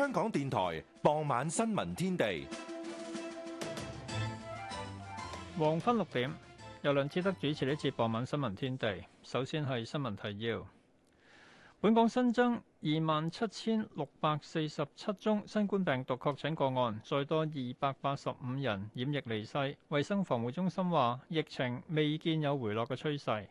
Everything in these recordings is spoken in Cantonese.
香港電台傍晚新聞天地，黃昏六點由梁志德主持呢次傍晚新聞天地。首先係新聞提要：本港新增二萬七千六百四十七宗新冠病毒確診個案，再多二百八十五人染疫離世。衛生防護中心話，疫情未見有回落嘅趨勢。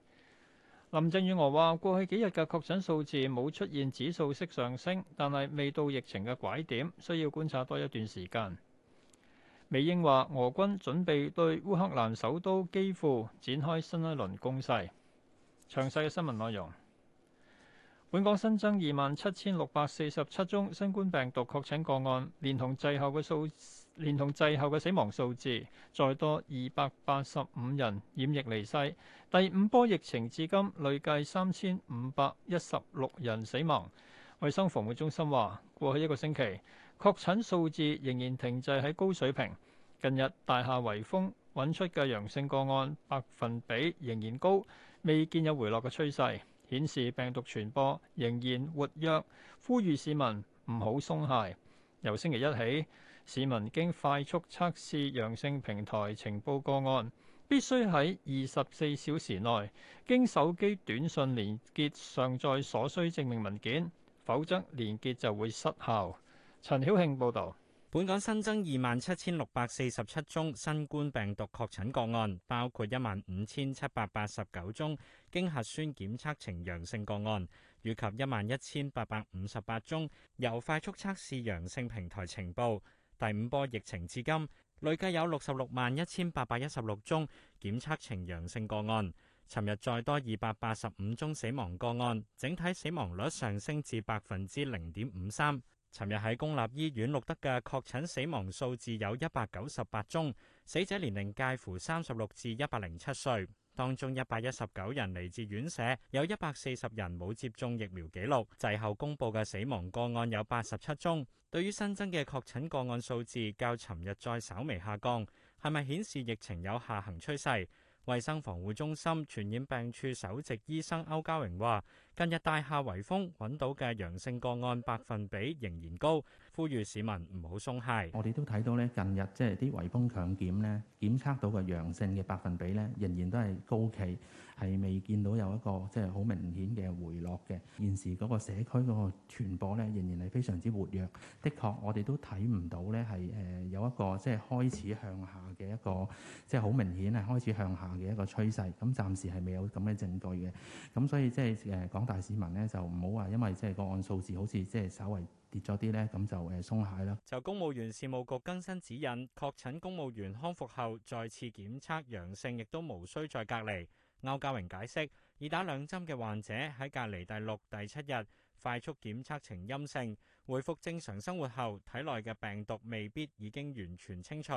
林鄭月娥話：過去幾日嘅確診數字冇出現指數式上升，但係未到疫情嘅拐點，需要觀察多一段時間。美英話俄軍準備對烏克蘭首都基輔展開新一輪攻勢。詳細嘅新聞內容，本港新增二萬七千六百四十七宗新冠病毒確診個案，連同滯後嘅數。連同滯後嘅死亡數字，再多二百八十五人染疫離世。第五波疫情至今累計三千五百一十六人死亡。衞生防護中心話：過去一個星期確診數字仍然停滯喺高水平。近日大廈圍封揾出嘅陽性個案百分比仍然高，未見有回落嘅趨勢，顯示病毒傳播仍然活躍。呼籲市民唔好鬆懈。由星期一起。市民經快速測試陽性平台呈報個案，必須喺二十四小時內經手機短訊連結上載所需證明文件，否則連結就會失效。陳曉慶報導，本港新增二萬七千六百四十七宗新冠病毒確診個案，包括一萬五千七百八十九宗經核酸檢測呈陽性個案，以及一萬一千八百五十八宗由快速測試陽性平台呈報。第五波疫情至今，累計有六十六萬一千八百一十六宗檢測呈陽性個案。尋日再多二百八十五宗死亡個案，整體死亡率上升至百分之零點五三。尋日喺公立醫院錄得嘅確診死亡數字有一百九十八宗，死者年齡介乎三十六至一百零七歲。當中一百一十九人嚟自院舍，有一百四十人冇接種疫苗記錄。滯後公布嘅死亡個案有八十七宗。對於新增嘅確診個案數字較尋日再稍微下降，係咪顯示疫情有下行趨勢？衛生防護中心傳染病處首席醫生歐家榮話，近日大廈圍封揾到嘅陽性個案百分比仍然高。呼籲市民唔好鬆懈。我哋都睇到咧，近日即係啲圍封強檢咧，檢測到嘅陽性嘅百分比咧，仍然都係高企，係未見到有一個即係好明顯嘅回落嘅。現時嗰個社區嗰個傳播咧，仍然係非常之活躍。的確，我哋都睇唔到咧，係誒有一個即係開始向下嘅一個，即係好明顯係開始向下嘅一個趨勢。咁暫時係未有咁嘅證據嘅。咁所以即係誒廣大市民咧，就唔好話因為即係個案數字好似即係稍微，跌咗啲咧，咁就誒鬆懈啦。就公務員事務局更新指引，確診公務員康復後再次檢測陽性，亦都無需再隔離。歐家榮解釋，已打兩針嘅患者喺隔離第六、第七日快速檢測呈陰性，回復正常生活後，體內嘅病毒未必已經完全清除。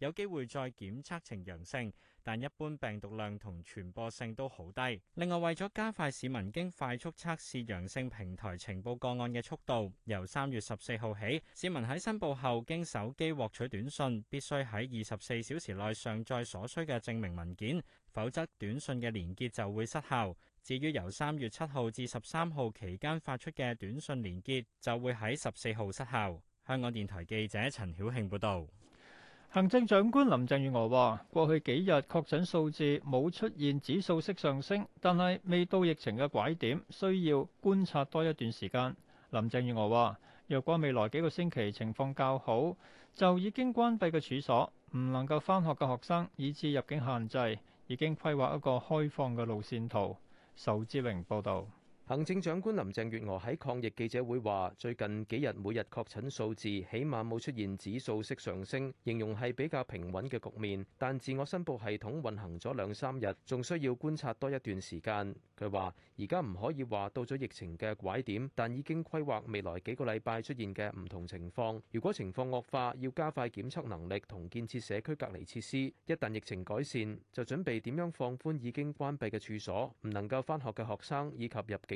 有機會再檢測呈陽性，但一般病毒量同傳播性都好低。另外，為咗加快市民經快速測試陽性平台呈報個案嘅速度，由三月十四號起，市民喺申報後經手機獲取短信，必須喺二十四小時內上載所需嘅證明文件，否則短信嘅連結就會失效。至於由三月七號至十三號期間發出嘅短信連結，就會喺十四號失效。香港電台記者陳曉慶報導。行政長官林鄭月娥話：過去幾日確診數字冇出現指數式上升，但係未到疫情嘅拐點，需要觀察多一段時間。林鄭月娥話：若果未來幾個星期情況較好，就已經關閉嘅處所，唔能夠返學嘅學生，以至入境限制，已經規劃一個開放嘅路線圖。仇志榮報導。行政長官林鄭月娥喺抗疫記者會話：最近幾日每日確診數字起碼冇出現指數式上升，形容係比較平穩嘅局面。但自我申報系統運行咗兩三日，仲需要觀察多一段時間。佢話：而家唔可以話到咗疫情嘅拐點，但已經規劃未來幾個禮拜出現嘅唔同情況。如果情況惡化，要加快檢測能力同建設社區隔離設施。一旦疫情改善，就準備點樣放寬已經關閉嘅處所，唔能夠返學嘅學生以及入境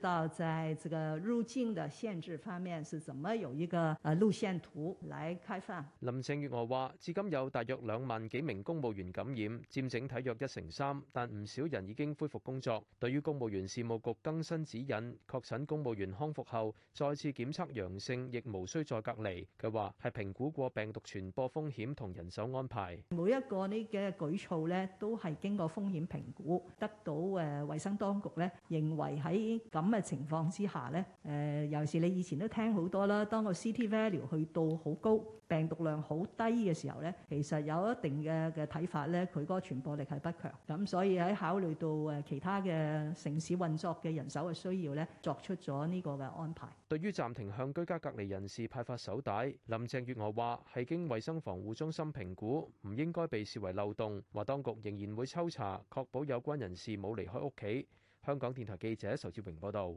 知道在這個入境的限制方面，是怎麼有一個呃路線圖來開放？林鄭月娥話：至今有大約兩萬幾名公務員感染，佔整體約一成三，但唔少人已經恢復工作。對於公務員事務局更新指引，確診公務員康復後再次檢測陽性，亦無需再隔離。佢話係評估過病毒傳播風險同人手安排。每一個呢嘅舉措呢，都係經過風險評估，得到誒衞生當局呢認為喺咁。咁嘅情況之下呢，誒、呃、尤其是你以前都聽好多啦。當個 CT value 去到好高，病毒量好低嘅時候呢，其實有一定嘅嘅睇法呢，佢嗰個傳播力係不強。咁所以喺考慮到誒其他嘅城市運作嘅人手嘅需要呢，作出咗呢個嘅安排。對於暫停向居家隔離人士派發手帶，林鄭月娥話係經衞生防護中心評估，唔應該被視為漏洞。話當局仍然會抽查，確保有關人士冇離開屋企。香港電台記者仇志榮報道，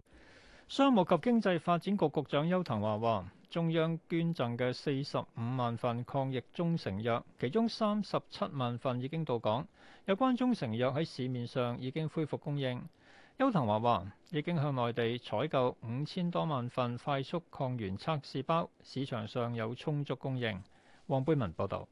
商務及經濟發展局局長邱騰華話，中央捐贈嘅四十五萬份抗疫中成藥，其中三十七萬份已經到港。有關中成藥喺市面上已經恢復供應。邱騰華話，已經向內地採購五千多萬份快速抗原測試包，市場上有充足供應。黃貝文報道。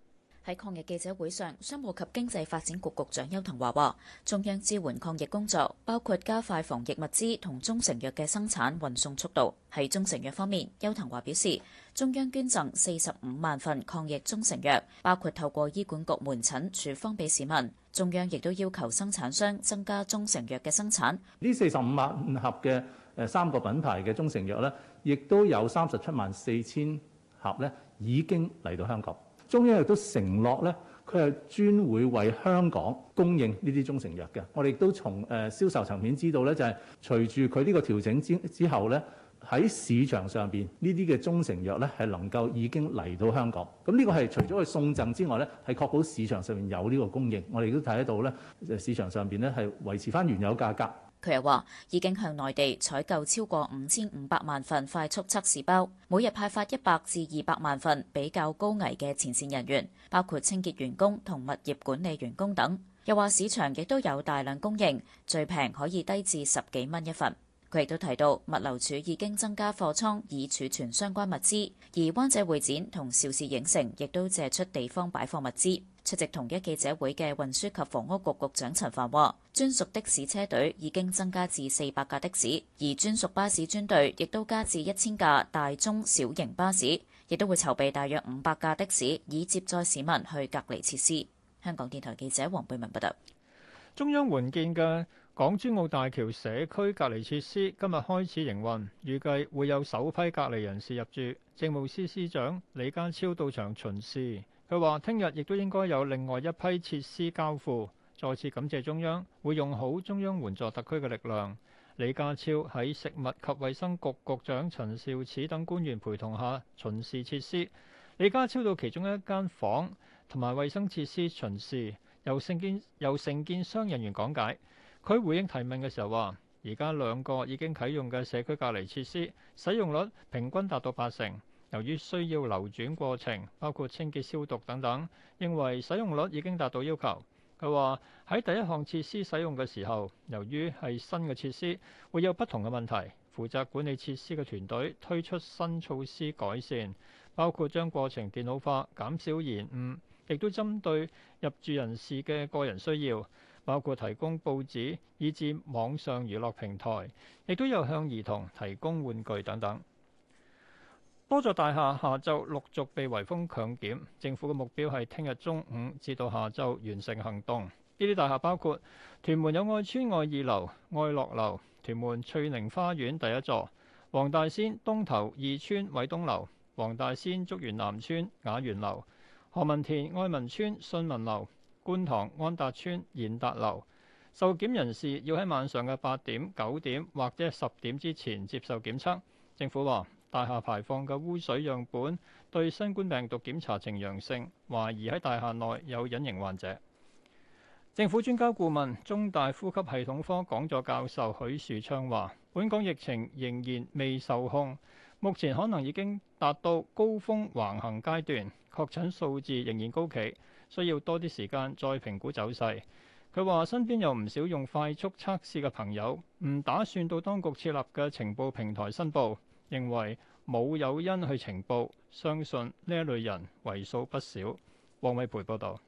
喺抗疫記者會上，商務及經濟發展局局長邱騰華話：中央支援抗疫工作，包括加快防疫物資同中成藥嘅生產運送速度。喺中成藥方面，邱騰華表示，中央捐贈四十五萬份抗疫中成藥，包括透過醫管局門診處方俾市民。中央亦都要求生產商增加中成藥嘅生產。呢四十五萬五盒嘅，誒三個品牌嘅中成藥呢，亦都有三十七萬四千盒呢已經嚟到香港。中央亦都承諾咧，佢係專會為香港供應呢啲中成藥嘅。我哋亦都從誒銷售層面知道咧，就係隨住佢呢個調整之之後咧，喺市場上邊呢啲嘅中成藥咧係能夠已經嚟到香港。咁呢個係除咗佢送贈之外咧，係確保市場上面有呢個供應。我哋亦都睇得到咧，市場上邊咧係維持翻原有價格。佢又話已經向內地採購超過五千五百萬份快速測試包，每日派發一百至二百萬份，比較高危嘅前線人員，包括清潔員工同物業管理員工等。又話市場亦都有大量供應，最平可以低至十幾蚊一份。佢亦都提到物流署已經增加貨倉以儲存相關物資，而灣仔會展同邵氏影城亦都借出地方擺放物資。出席同一記者會嘅運輸及房屋局局長陳帆話，專屬的士車隊已經增加至四百架的士，而專屬巴士專隊亦都加至一千架大中小型巴士，亦都會籌備大約五百架的士以接載市民去隔離設施。香港電台記者黃貝文報道。中央援建嘅港珠澳大橋社區隔離設施今日開始營運，預計會有首批隔離人士入住。政務司司長李家超到場巡視。佢話：聽日亦都應該有另外一批設施交付，再次感謝中央會用好中央援助特區嘅力量。李家超喺食物及衛生局局長陳肇始等官員陪同下巡視設施。李家超到其中一間房同埋衛生設施巡視，由承建由承建商人員講解。佢回應提問嘅時候話：而家兩個已經啟用嘅社區隔離設施使用率平均達到八成。由於需要流轉過程，包括清潔、消毒等等，認為使用率已經達到要求。佢話喺第一項設施使用嘅時候，由於係新嘅設施，會有不同嘅問題。負責管理設施嘅團隊推出新措施改善，包括將過程電腦化，減少延誤，亦都針對入住人士嘅個人需要，包括提供報紙以至網上娛樂平台，亦都有向兒童提供玩具等等。多座大廈下晝陸續被圍封強檢，政府嘅目標係聽日中午至到下晝完成行動。呢啲大廈包括屯門友愛村愛二樓、愛樂樓、屯門翠寧花園第一座、黃大仙東頭二村偉東樓、黃大仙竹園南村雅園樓、何文田愛民村信民樓、觀塘安達村賢達樓。受檢人士要喺晚上嘅八點、九點或者十點之前接受檢測。政府話，大廈排放嘅污水樣本對新冠病毒檢查呈陽性，懷疑喺大廈內有隱形患者。政府專家顧問、中大呼吸系統科講座教授許樹昌話，本港疫情仍然未受控，目前可能已經達到高峰橫行階段，確診數字仍然高企，需要多啲時間再評估走勢。佢話身邊有唔少用快速測試嘅朋友，唔打算到當局設立嘅情報平台申報。認為冇有因去情報，相信呢一類人為數不少。黃偉培報導，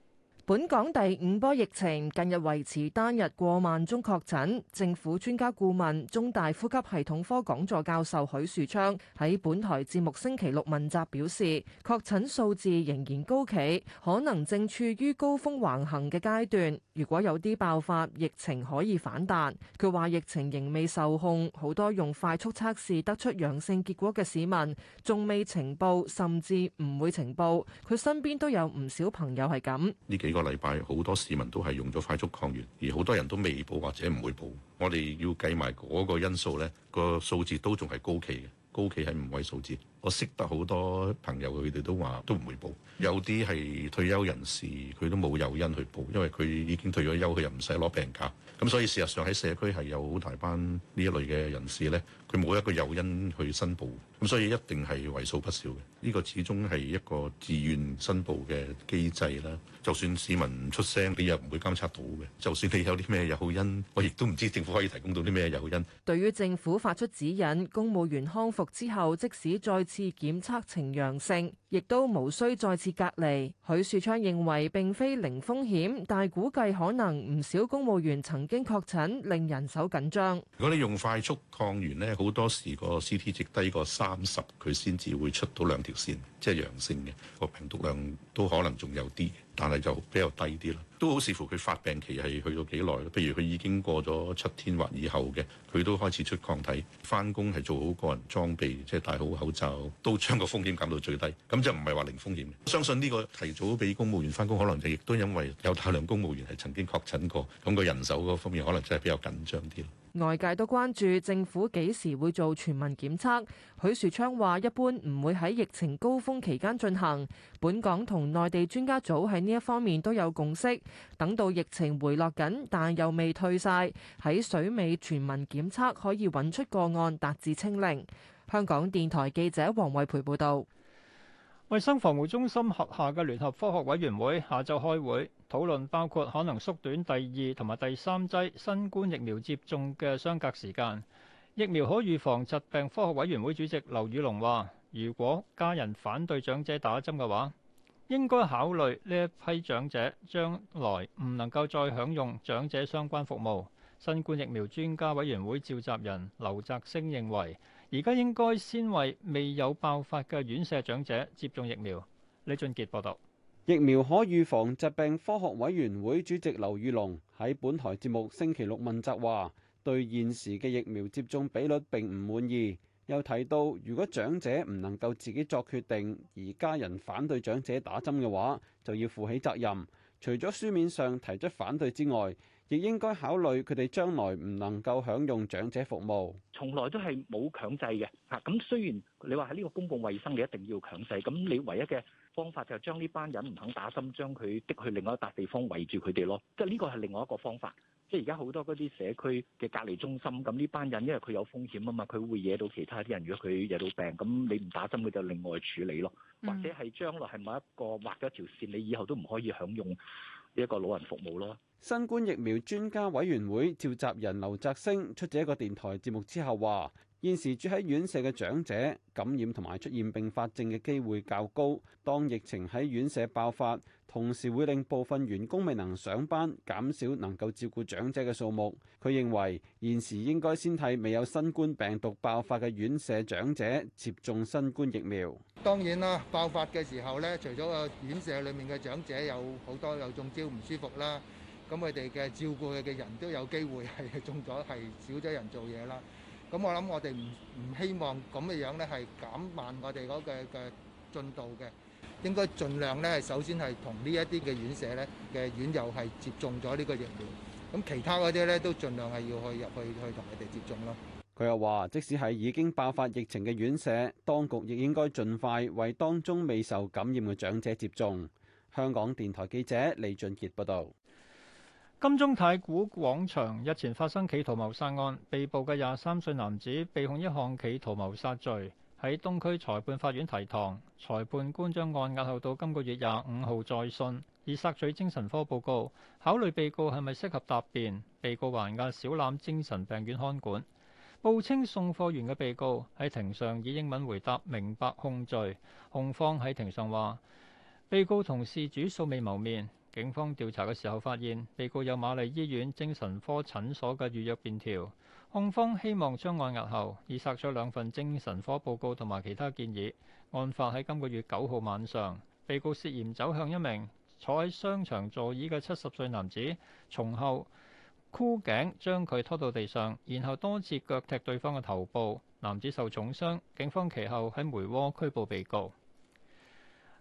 本港第五波疫情近日維持單日過萬宗確診。政府專家顧問、中大呼吸系統科講座教授許樹昌喺本台節目星期六問責表示，確診數字仍然高企，可能正處於高峰橫行嘅階段。如果有啲爆發，疫情可以反彈。佢話疫情仍未受控，好多用快速測試得出陽性結果嘅市民，仲未呈報，甚至唔會呈報。佢身邊都有唔少朋友係咁。呢幾個禮拜好多市民都係用咗快速抗原，而好多人都未報或者唔會報。我哋要計埋嗰個因素呢，個數字都仲係高企嘅，高企喺五位數字。我識得好多朋友，佢哋都話都唔會報。有啲係退休人士，佢都冇誘因去報，因為佢已經退咗休，佢又唔使攞病假。咁所以事實上喺社區係有好大班呢一類嘅人士咧。佢冇一個誘因去申報，咁所以一定係為數不少嘅。呢個始終係一個自願申報嘅機制啦。就算市民唔出聲，你又唔會監測到嘅。就算你有啲咩誘因，我亦都唔知政府可以提供到啲咩誘因。對於政府發出指引，公務員康復之後，即使再次檢測呈陽性。亦都無需再次隔離。許樹昌認為並非零風險，但估計可能唔少公務員曾經確診，令人手緊張。如果你用快速抗原咧，好多時個 CT 值低過三十，佢先至會出到兩條線，即係陽性嘅個病毒量都可能仲有啲，但係就比較低啲啦。都好視乎佢發病期係去到幾耐咯，譬如佢已經過咗七天或以後嘅，佢都開始出抗體，翻工，係做好個人裝備，即係戴好口罩，都將個風險減到最低。咁就唔係話零風險，相信呢個提早俾公務員翻工，可能就亦都因為有大量公務員係曾經確診過，咁個人手嗰方面可能真係比較緊張啲。外界都關注政府幾時會做全民檢測，許樹昌話一般唔會喺疫情高峰期間進行。本港同內地專家組喺呢一方面都有共識。等到疫情回落緊，但又未退晒，喺水尾全民檢測可以揾出個案達至清零。香港電台記者黃慧培報道。衛生防護中心轄下嘅聯合科學委員會下晝開會討論包括可能縮短第二同埋第三劑新冠疫苗接種嘅相隔時間。疫苗可預防疾病科學委員會主席劉宇龍話，如果家人反對長者打針嘅話。應該考慮呢一批長者將來唔能夠再享用長者相關服務。新冠疫苗專家委員會召集人劉澤星認為，而家應該先為未有爆發嘅院舍長者接種疫苗。李俊傑報導。疫苗可預防疾病科學委員會主席劉宇龍喺本台節目星期六問責話，對現時嘅疫苗接種比率並唔滿意。又提到，如果長者唔能夠自己作決定，而家人反對長者打針嘅話，就要負起責任。除咗書面上提出反對之外，亦應該考慮佢哋將來唔能夠享用長者服務。從來都係冇強制嘅嚇。咁雖然你話喺呢個公共衞生你一定要強制，咁你唯一嘅方法就將呢班人唔肯打針，將佢的去另外一笪地方圍住佢哋咯。即係呢個係另外一個方法。即係而家好多嗰啲社區嘅隔離中心，咁呢班人因為佢有風險啊嘛，佢會惹到其他啲人。如果佢惹到病，咁你唔打針，佢就另外處理咯。或者係將來係某一個畫咗條線，你以後都唔可以享用呢一個老人服務咯。嗯、新冠疫苗專家委員會召集人劉澤星出席一個電台節目之後話。現時住喺院舍嘅長者感染同埋出現併發症嘅機會較高，當疫情喺院舍爆發，同時會令部分員工未能上班，減少能夠照顧長者嘅數目。佢認為，現時應該先替未有新冠病毒爆發的院舍長者接種新冠疫苗。當然啦，爆發嘅時候呢，除咗個院舍裏面嘅長者，有好多有中招唔舒服啦，佢哋嘅照顧嘅人都有機會係中咗，係少咗人做嘢啦。咁我諗我哋唔唔希望咁嘅樣咧，係減慢我哋嗰個嘅進度嘅，應該盡量咧係首先係同呢一啲嘅院舍咧嘅院友係接種咗呢個疫苗，咁其他嗰啲咧都盡量係要去入去去同佢哋接種咯。佢又話，即使係已經爆發疫情嘅院舍，當局亦應該盡快為當中未受感染嘅長者接種。香港電台記者李俊傑報道。金鐘太古廣場日前發生企圖謀殺案，被捕嘅廿三歲男子被控一項企圖謀殺罪，喺東區裁判法院提堂，裁判官將案押後到今個月廿五號再訊，以殺罪精神科報告考慮被告係咪適合答辯，被告還押小欖精神病院看管。報稱送貨員嘅被告喺庭上以英文回答明白控罪，控方喺庭上話被告同事主素未謀面。警方調查嘅時候發現，被告有瑪麗醫院精神科診所嘅預約便條。控方希望將案押後，以殺咗兩份精神科報告同埋其他建議。案發喺今個月九號晚上，被告涉嫌走向一名坐喺商場座椅嘅七十歲男子，從後箍頸將佢拖到地上，然後多次腳踢對方嘅頭部。男子受重傷，警方其後喺梅窩拘捕被告。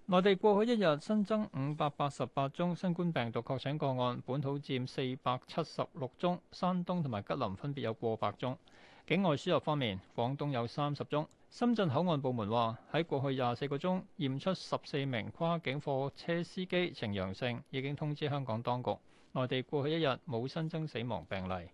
內地過去一日新增五百八十八宗新冠病毒確診個案，本土佔四百七十六宗，山東同埋吉林分別有過百宗。境外輸入方面，廣東有三十宗。深圳口岸部門話喺過去廿四個鐘驗出十四名跨境貨車司機呈陽性，已經通知香港當局。內地過去一日冇新增死亡病例。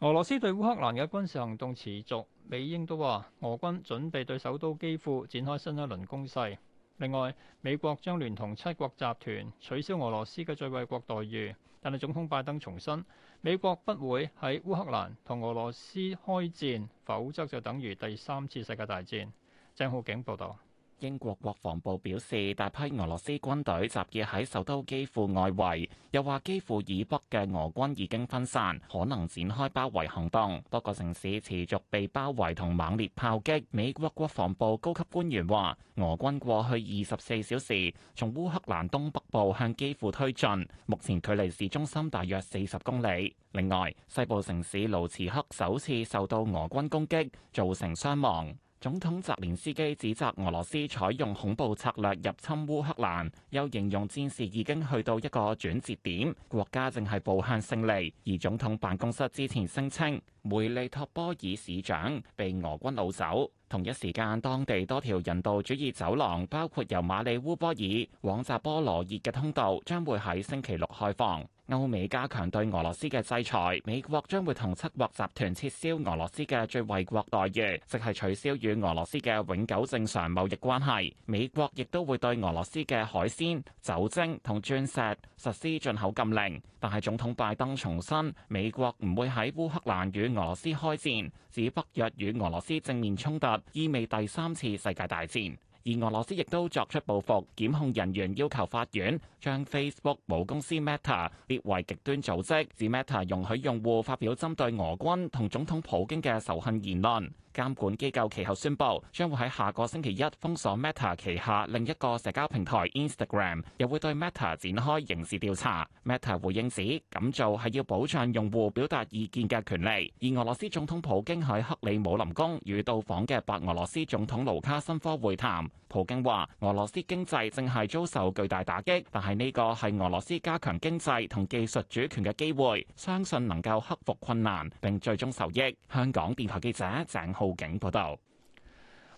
俄羅斯對烏克蘭嘅軍事行動持續，美英都話俄軍準備對首都基輔展開新一輪攻勢。另外，美國將聯同七國集團取消俄羅斯嘅最惠國待遇，但係總統拜登重申，美國不會喺烏克蘭同俄羅斯開戰，否則就等於第三次世界大戰。鄭浩景報導。英國國防部表示，大批俄羅斯軍隊集結喺首都基輔外圍，又話基輔以北嘅俄軍已經分散，可能展開包圍行動。多個城市持續被包圍同猛烈炮擊。美國國防部高級官員話，俄軍過去二十四小時從烏克蘭東北部向基輔推進，目前距離市中心大約四十公里。另外，西部城市盧茨克首次受到俄軍攻擊，造成傷亡。總統澤連斯基指責俄羅斯採用恐怖策略入侵烏克蘭，又形容戰事已經去到一個轉折點，國家正係步向勝利。而總統辦公室之前聲稱，梅利托波爾市長被俄軍擄走。同一時間，當地多條人道主義走廊，包括由馬里烏波爾往扎波羅熱嘅通道，將會喺星期六開放。歐美加強對俄羅斯嘅制裁，美國將會同七國集團撤銷俄羅斯嘅最惠國待遇，即係取消與俄羅斯嘅永久正常貿易關係。美國亦都會對俄羅斯嘅海鮮、酒精同鑽石實施進口禁令。但係總統拜登重申，美國唔會喺烏克蘭與俄羅斯開戰，指北約與俄羅斯正面衝突，意味第三次世界大戰。而俄羅斯亦都作出報復，檢控人員要求法院將 Facebook 母公司 Meta 列為極端組織，指 Meta 容許用戶發表針對俄軍同總統普京嘅仇恨言論。監管機構其後宣布，將會喺下個星期一封鎖 Meta 旗下另一個社交平台 Instagram，又會對 Meta 展開刑事調查。Meta 回應指，咁做係要保障用戶表達意見嘅權利。而俄羅斯總統普京喺克里姆林宮與到訪嘅白俄羅斯總統盧卡申科會談。普京話：俄羅斯經濟正係遭受巨大打擊，但係呢個係俄羅斯加強經濟同技術主權嘅機會，相信能夠克服困難並最終受益。香港電台記者鄭浩。報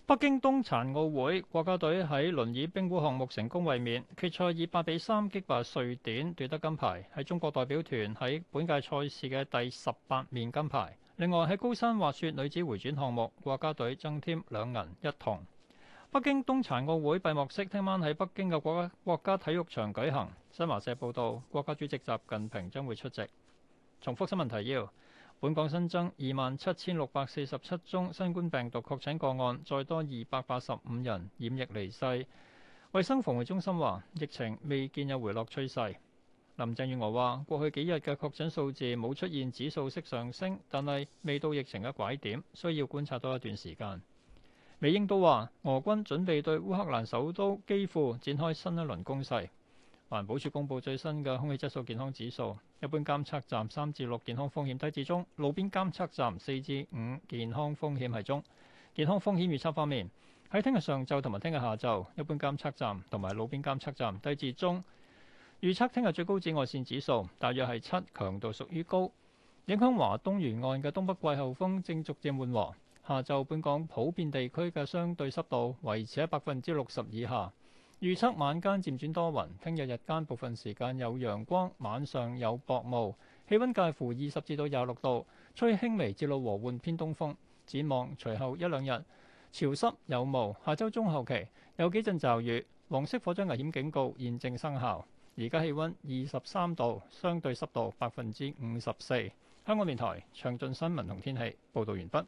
北京冬殘奧會國家隊喺輪椅冰壺項目成功衛冕，決賽以八比三擊敗瑞典，奪得金牌，係中國代表團喺本屆賽事嘅第十八面金牌。另外喺高山滑雪女子回轉項目，國家隊增添兩銀一銅。北京冬殘奧會閉幕式聽晚喺北京嘅國家國家體育場舉行。新華社報道，國家主席習近平將會出席。重複新聞提要。本港新增二萬七千六百四十七宗新冠病毒確診個案，再多二百八十五人染疫離世。衛生防護中心話疫情未見有回落趨勢，林鄭月娥話，過去幾日嘅確診數字冇出現指數式上升，但係未到疫情嘅拐點，需要觀察多一段時間。美英都話俄軍準備對烏克蘭首都基輔展開新一輪攻勢。環保署公布最新嘅空氣質素健康指數，一般監測站三至六，健康風險低至中，路邊監測站四至五，健康風險係中。健康風險預測方面，喺聽日上晝同埋聽日下晝，一般監測站同埋路邊監測站低至中。預測聽日最高紫外線指數大約係七，強度屬於高。影響華東沿岸嘅東北季候風正逐漸緩和，下晝本港普遍地區嘅相對濕度維持喺百分之六十以下。預測晚間漸轉多雲，聽日日間部分時間有陽光，晚上有薄霧，氣温介乎二十至到廿六度，吹輕微至到和緩偏東風。展望隨後一兩日潮濕有霧，下周中後期有幾陣驟雨。黃色火災危險警告現正生效。而家氣温二十三度，相對濕度百分之五十四。香港電台詳盡新聞同天氣報導完畢。